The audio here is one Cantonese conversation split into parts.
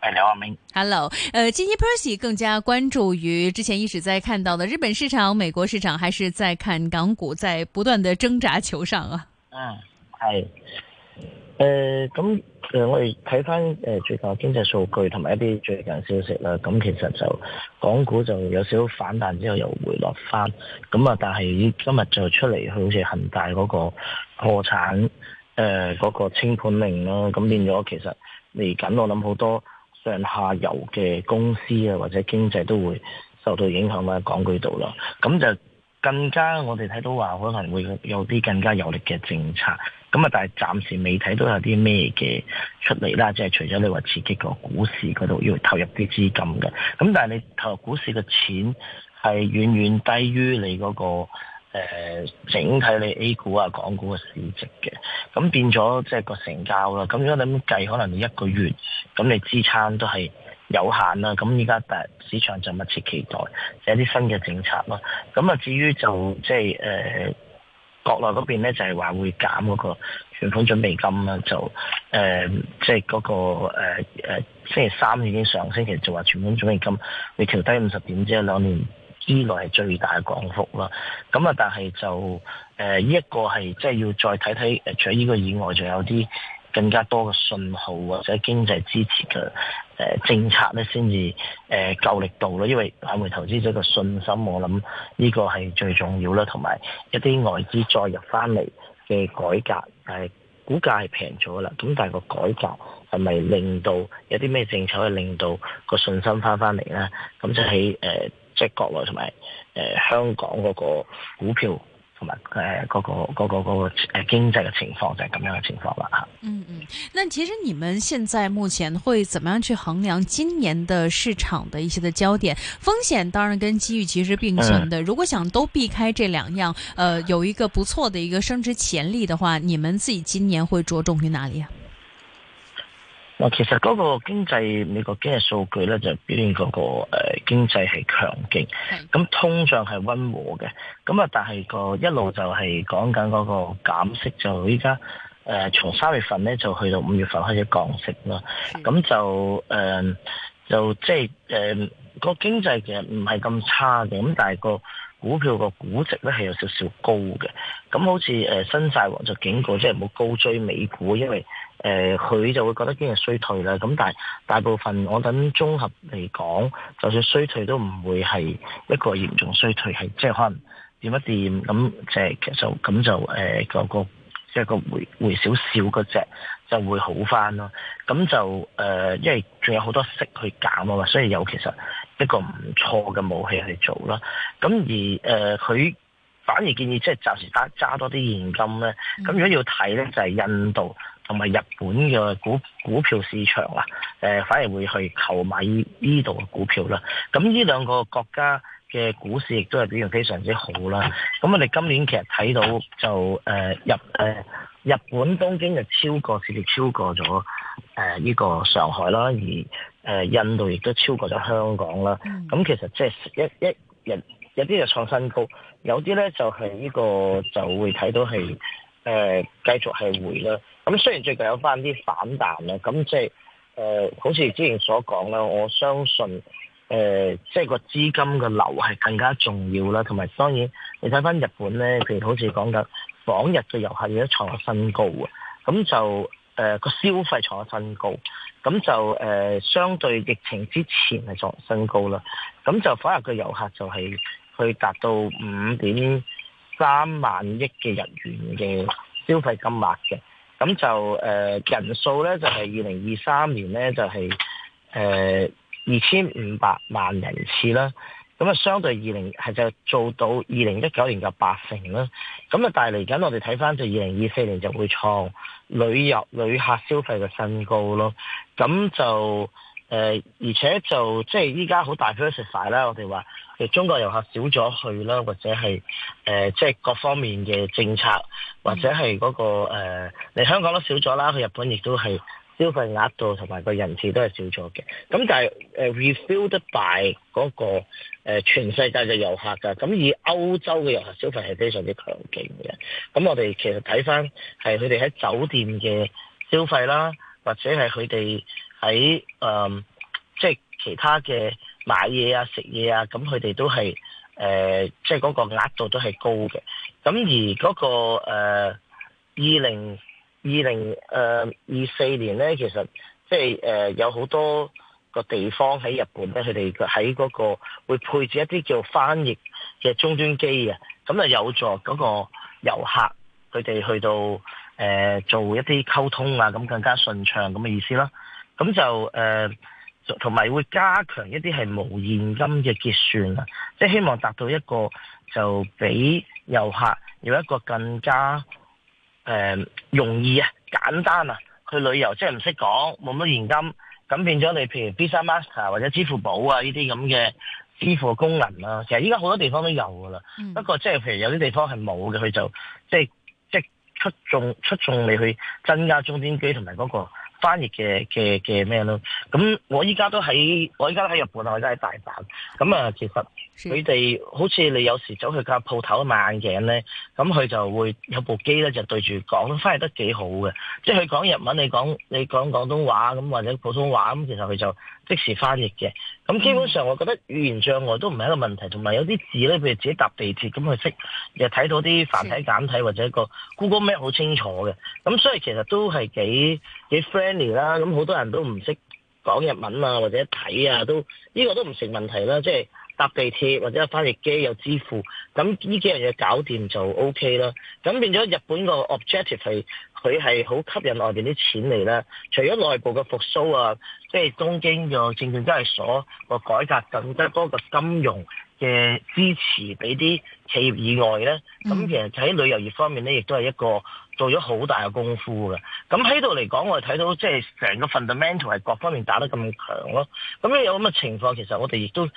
係梁萬明，Hello，誒、uh,，今次 Percy 更加關注於之前一直在看到嘅日本市場、美國市場，還是在看港股在不斷嘅掙扎求上啊？嗯、啊，係，誒、呃，咁誒、呃，我哋睇翻誒最近經濟數據同埋一啲最近消息啦，咁、嗯、其實就港股就有少少反彈之後又回落翻，咁、嗯呃那個、啊，但係今日就出嚟好似恒大嗰個破產誒嗰個清盤令啦，咁變咗其實嚟緊我諗好多。下游嘅公司啊，或者經濟都會受到影響啦，港區度啦，咁就更加我哋睇到話可能會有啲更加有力嘅政策，咁啊，但係暫時未睇到有啲咩嘅出嚟啦，即係除咗你話刺激個股市嗰度要投入啲資金嘅，咁，但係你投入股市嘅錢係遠遠低於你嗰個誒、呃，整體你 A 股啊、港股嘅市值嘅，咁、嗯、變咗即係個成交啦。咁如果你咁計，可能你一個月，咁、嗯、你支撐都係有限啦。咁依家大市場就密切期待一啲新嘅政策咯。咁、嗯、啊，至於就即係誒、呃，國內嗰邊咧就係、是、話會減嗰個存款準備金啦。就誒、呃，即係嗰、那個誒誒、呃，星期三已經上星期就話存款準備金會調低五十點，即係兩年。之內係最大嘅降幅啦。咁啊，但係就誒呢一個係即係要再睇睇、呃、除咗呢個以外，仲有啲更加多嘅信號或者經濟支持嘅誒、呃、政策咧，先至誒夠力度咯。因為挽回投資者嘅信心，我諗呢個係最重要啦。同埋一啲外資再入翻嚟嘅改革，但誒股價係平咗啦。咁但係個改革係咪令到有啲咩政策可以令到個信心翻翻嚟咧？咁就喺、是、誒。呃即係國內同埋誒香港嗰個股票同埋誒嗰個嗰個嗰個誒經濟嘅情況就係咁樣嘅情況啦吓。嗯嗯，那其實你們現在目前會怎麼樣去衡量今年的市場的一些的焦點？風險當然跟機遇其實並存的。嗯、如果想都避開這兩樣，誒、呃、有一個不錯的一個升值潛力的話，你們自己今年會着重於哪裏啊？哇，其實嗰個經濟美國經濟數據咧就表現嗰、那個誒、呃、經濟係強勁，咁是通脹係溫和嘅，咁啊但係、那個一路就係講緊嗰個減息，就依家誒從三月份咧就去到五月份開始降息啦，咁是就誒、呃、就即係誒個經濟其實唔係咁差嘅，咁但係個股票個估值咧係有少少高嘅，咁好似誒新債王就警告即係唔好高追美股，因為，誒，佢、呃、就會覺得經濟衰退啦。咁但係大部分我等綜合嚟講，就算衰退都唔會係一個嚴重衰退，係即係可能跌一跌咁，就係其實咁就誒個即係個回回少少嗰隻就會好返咯。咁就誒、呃，因為仲有好多息去減啊嘛，所以有其實一個唔錯嘅武器去做啦。咁而誒佢、呃、反而建議即係暫時揸揸多啲現金咧。咁如果要睇咧，就係、是、印度。同埋日本嘅股股票市場啊，誒、呃、反而會去購買呢度嘅股票啦。咁呢兩個國家嘅股市亦都係表現非常之好啦。咁我哋今年其實睇到就誒日誒日本東京就超過市跌超過咗誒呢個上海啦，而誒印度亦都超過咗香港啦。咁其實即係一一有有啲就創新高，有啲咧就係呢個就會睇到係。誒、呃、繼續係回啦，咁雖然最近有翻啲反彈啦，咁即係誒，好似之前所講啦，我相信誒，即係個資金嘅流係更加重要啦，同埋當然你睇翻日本咧，譬如好似講緊訪日嘅遊客亦都創咗新高啊，咁就誒個、呃、消費創咗新高，咁就誒、呃、相對疫情之前係創咗新高啦，咁就訪日嘅遊客就係去達到五點三萬億嘅日元嘅消費金額嘅，咁就誒、呃、人數咧就係二零二三年咧就係誒二千五百萬人次啦，咁啊相對二零係就做到二零一九年嘅八成啦，咁啊但嚟緊我哋睇翻就二零二四年就會創旅遊旅客消費嘅新高咯，咁就誒、呃、而且就即係依家好大 percentage 啦，我哋話。中國遊客少咗去啦，或者係誒、呃、即係各方面嘅政策，或者係嗰、那個誒，你、呃、香港都少咗啦，去日本亦都係消費額度同埋、呃那個人次都係少咗嘅。咁但係誒 refilled by 嗰個全世界嘅遊客㗎。咁以歐洲嘅遊客消費係非常之強勁嘅。咁我哋其實睇翻係佢哋喺酒店嘅消費啦，或者係佢哋喺誒即係其他嘅。買嘢啊、食嘢啊，咁佢哋都係誒，即係嗰個額度都係高嘅。咁而嗰、個誒二零二零誒二四年咧，其實即係誒有好多個地方喺日本咧，佢哋喺嗰個會配置一啲叫翻譯嘅終端機啊，咁啊有助嗰個遊客佢哋去到誒、呃、做一啲溝通啊，咁更加順暢咁嘅意思啦，咁就誒。呃同埋會加強一啲係無現金嘅結算啦，即係希望達到一個就俾遊客有一個更加誒、呃、容易啊、簡單啊去旅遊，即係唔識講、冇乜現金，咁變咗你譬如 Visa Master 或者支付寶啊呢啲咁嘅支付功能啦、啊。其實依家好多地方都有噶啦，不過、嗯、即係譬如有啲地方係冇嘅，佢就即係即係出眾出眾你去增加中天機同埋嗰個翻譯嘅嘅嘅咩咯。咁我依家都喺我依家喺日本啊，我而家喺大阪。咁啊，其實佢哋的好似你有時走去間鋪頭買眼鏡咧，咁佢就會有部機咧，就對住講翻譯得幾好嘅。即係佢講日文，你講你講廣東話咁或者普通話，咁其實佢就即時翻譯嘅。咁基本上，我覺得語言障礙都唔係一個問題，同埋、嗯、有啲字咧，譬如自己搭地鐵咁，佢識又睇到啲繁體簡體的或者一個 Google Map 好清楚嘅。咁所以其實都係幾幾 friendly 啦。咁好多人都唔識。講日文啊，或者睇啊，都呢、這個都唔成問題啦。即係搭地鐵或者翻譯機有支付，咁呢幾樣嘢搞掂就 OK 啦。咁變咗日本個 objective 係佢係好吸引外邊啲錢嚟啦。除咗內部嘅復蘇啊，即係東京嘅政政真係所個改革更加多嘅金融。嘅支持俾啲企業以外咧，咁其實喺旅遊業方面咧，亦都係一個做咗好大嘅功夫嘅。咁喺度嚟講，我哋睇到即係成個 fundamental 係各方面打得咁強咯。咁有咁嘅情況，其實我哋亦都繼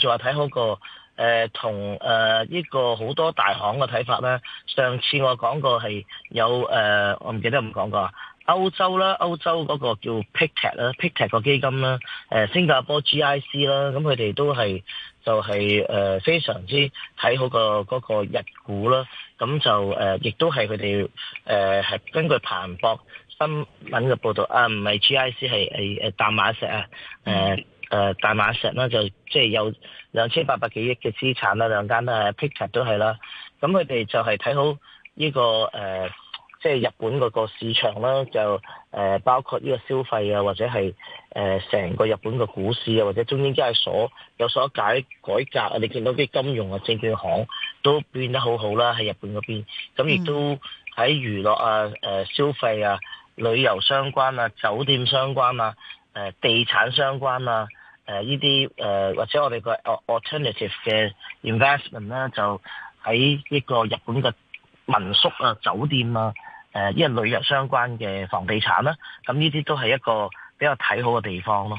續話睇好一個誒、呃、同誒呢、呃這個好多大行嘅睇法啦。上次我講過係有誒、呃，我唔記得唔講過。歐洲啦，歐洲嗰個叫 Pictet 啦，Pictet 個基金啦，誒、呃、新加坡 GIC 啦，咁佢哋都係就係、是、誒、呃、非常之睇好、那個、那個日股啦，咁就誒、呃、亦都係佢哋誒係根據彭博新聞嘅報道啊，唔係 GIC 係係誒淡馬錫啊，誒誒淡馬錫啦，就即、是、係有兩千八百幾億嘅資產啦，兩間啊 Pictet 都係啦，咁佢哋就係睇好呢、這個誒。呃即係日本嗰個市場啦，就誒包括呢個消費啊，或者係誒成個日本個股市啊，或者中英街有所有所解改革啊，你見到啲金融啊、證券行都變得好好啦，喺日本嗰邊。咁亦都喺娛樂啊、誒消費啊、旅遊相關啊、酒店相關啊、誒地產相關啊、誒呢啲誒或者我哋個 alternative 嘅 investment 咧、啊，就喺呢個日本嘅民宿啊、酒店啊。誒，因為旅遊相關嘅房地產啦，咁呢啲都係一個比較睇好嘅地方咯。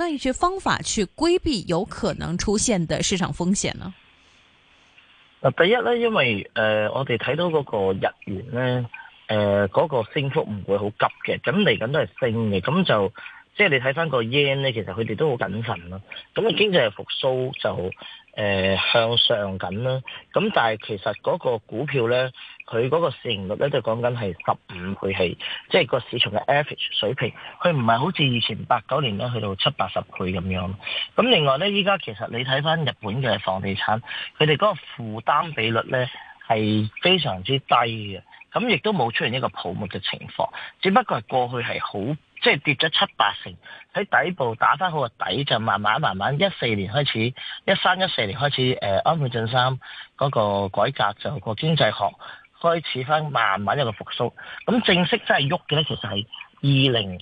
那一些方法去規避有可能出現的市場風險呢？第一呢，因為誒、呃，我哋睇到嗰個日元呢，誒、呃，嗰、那個升幅唔會好急嘅，咁嚟緊都係升嘅，咁就。即係你睇翻個 yen 咧，其實佢哋都好謹慎咯。咁啊，經濟係復甦就誒、呃、向上緊啦。咁但係其實嗰個股票咧，佢嗰個市盈率咧就講緊係十五倍係，即係個市場嘅 average 水平。佢唔係好似以前八九年咧去到七八十倍咁樣。咁另外咧，依家其實你睇翻日本嘅房地產，佢哋嗰個負擔比率咧係非常之低嘅，咁亦都冇出現一個泡沫嘅情況，只不過係過去係好。即係跌咗七八成，喺底部打翻好個底，就慢慢慢慢一四年開始，一三一四年開始，誒安倍晉三嗰個改革就個經濟學開始翻，慢慢一個復甦。咁正式真係喐嘅咧，其實係二零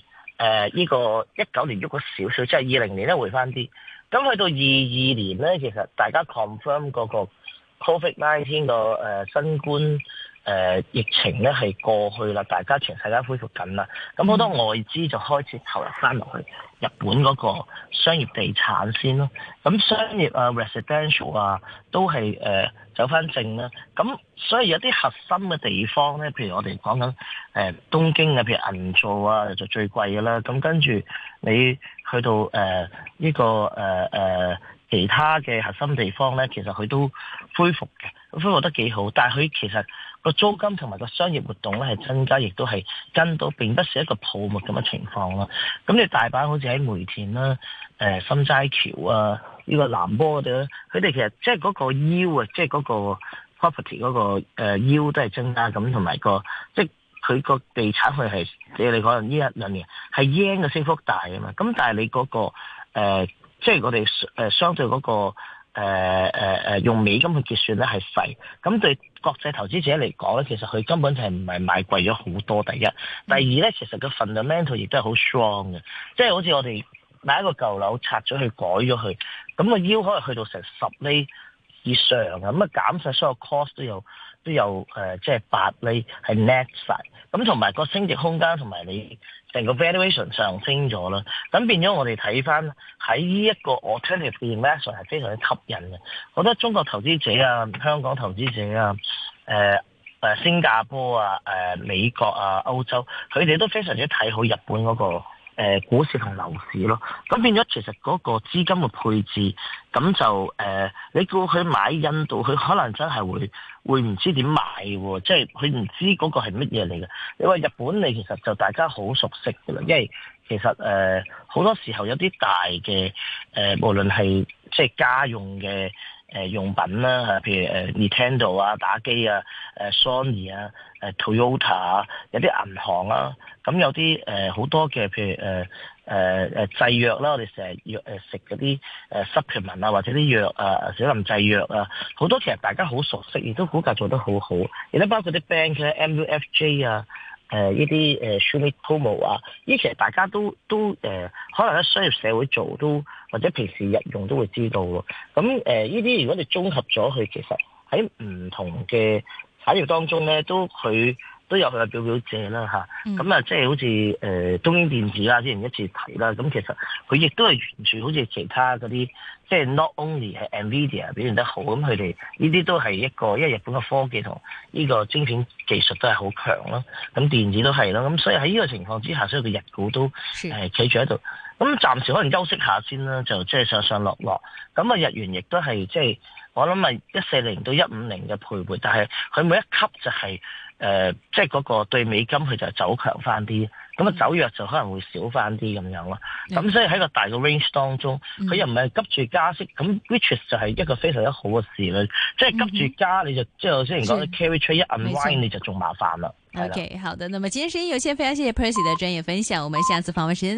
誒呢個一九年喐咗少少，即係二零年咧回翻啲。咁去到二二年咧，其實大家 confirm 嗰個 COVID-19 個誒、呃、新冠。誒、呃、疫情咧係過去啦，大家全世界恢復緊啦，咁好多外資就開始投入翻落去日本嗰個商業地產先咯。咁商業啊、residential 啊，都係誒、呃、走翻正啦。咁所以有啲核心嘅地方咧，譬如我哋講緊誒東京啊，譬如銀座啊，就最貴嘅啦。咁跟住你去到誒呢、呃這個誒誒、呃呃、其他嘅核心地方咧，其實佢都恢復嘅，恢復得幾好。但係佢其實，個租金同埋個商業活動咧係增加，亦都係增到，並不是一個泡沫咁嘅情況咯。咁你大阪好似喺梅田啦、誒、呃、心齋橋啊，呢、這個南波嗰度咧，佢哋其實即係嗰個 yield 啊，即係嗰個 property 嗰個 yield 都係增加咁，同埋、那個即係佢個地產佢係你嚟講呢一兩年係 yen 嘅升幅大啊嘛。咁但係你嗰、那個即係、呃就是、我哋誒相對嗰、那個誒誒、呃呃、用美金去結算咧係細。咁對。國際投資者嚟講咧，其實佢根本就係唔係買貴咗好多。第一，第二咧，其實個 fundamental 亦都係好 strong 嘅，即係好似我哋買一個舊樓拆咗去改咗佢，咁個腰可能去到成十厘。以上啊，咁啊，減曬所有 cost 都有都有誒、呃、即係八厘係 net 曬咁，同埋個升值空間同埋你成個 valuation 上升咗啦，咁變咗我哋睇翻喺呢一個 alternative measure 係非常之吸引嘅，覺得中國投資者啊、香港投資者啊、誒、呃、誒新加坡啊、誒、呃、美國啊、歐洲，佢哋都非常之睇好日本嗰、那個。誒股市同樓市咯，咁變咗其實嗰個資金嘅配置，咁就誒、呃、你叫佢買印度，佢可能真係會會唔知點買喎，即係佢唔知嗰個係乜嘢嚟嘅。你話日本你其實就大家好熟悉嘅啦，因為其實誒好、呃、多時候有啲大嘅誒、呃，無論係即係家用嘅。誒、呃、用品啦，嚇，譬如誒、呃、Nintendo 啊，打機啊，誒、呃、Sony 啊，誒 Toyota 啊，有啲銀行啦，咁、啊、有啲誒好多嘅譬如誒誒誒製藥啦，我哋成日要誒食嗰啲誒 supplement 啊，或者啲藥啊，小林製藥啊，好多其實大家好熟悉，亦都股價做得好好，亦都包括啲 bank 咧，MUFG 啊。誒呢啲誒，Sumitomo 啊，呢其實大家都都誒、呃，可能喺商業社會做都，都或者平時日用都會知道咯。咁、嗯、誒，呢、呃、啲，如果你綜合咗佢，其實喺唔同嘅產業當中咧，都佢。都有佢嘅表表姐啦吓，咁啊即係好似誒東京電子啦，之前一次提啦，咁其實佢亦都係完全好似其他嗰啲，即、就、係、是、not only 係 Nvidia 表現得好，咁佢哋呢啲都係一個，因為日本嘅科技同呢個晶片技術都係好強咯，咁電子都係咯，咁所以喺呢個情況之下，所以佢日股都係企的、呃、住喺度。咁暫時可能休息下先啦，就即係上上落落。咁啊，日元亦都係即係我諗咪一四零到一五零嘅徘徊，但係佢每一級就係、是、誒，即係嗰個對美金佢就走強翻啲，咁啊走弱就可能會少翻啲咁樣咯。咁、嗯、所以喺個大嘅 range 當中，佢、嗯、又唔係急住加息，咁 which 就係一個非常之好嘅事啦。即、就、係、是、急住加，你就、嗯、哼即係我之前講嘅 carry trade 一是 unwind 你就仲麻煩啦。錯的 OK，好嘅。那麼今天時間有限，非常謝謝 Percy 嘅專業分享，我們下次訪問時間。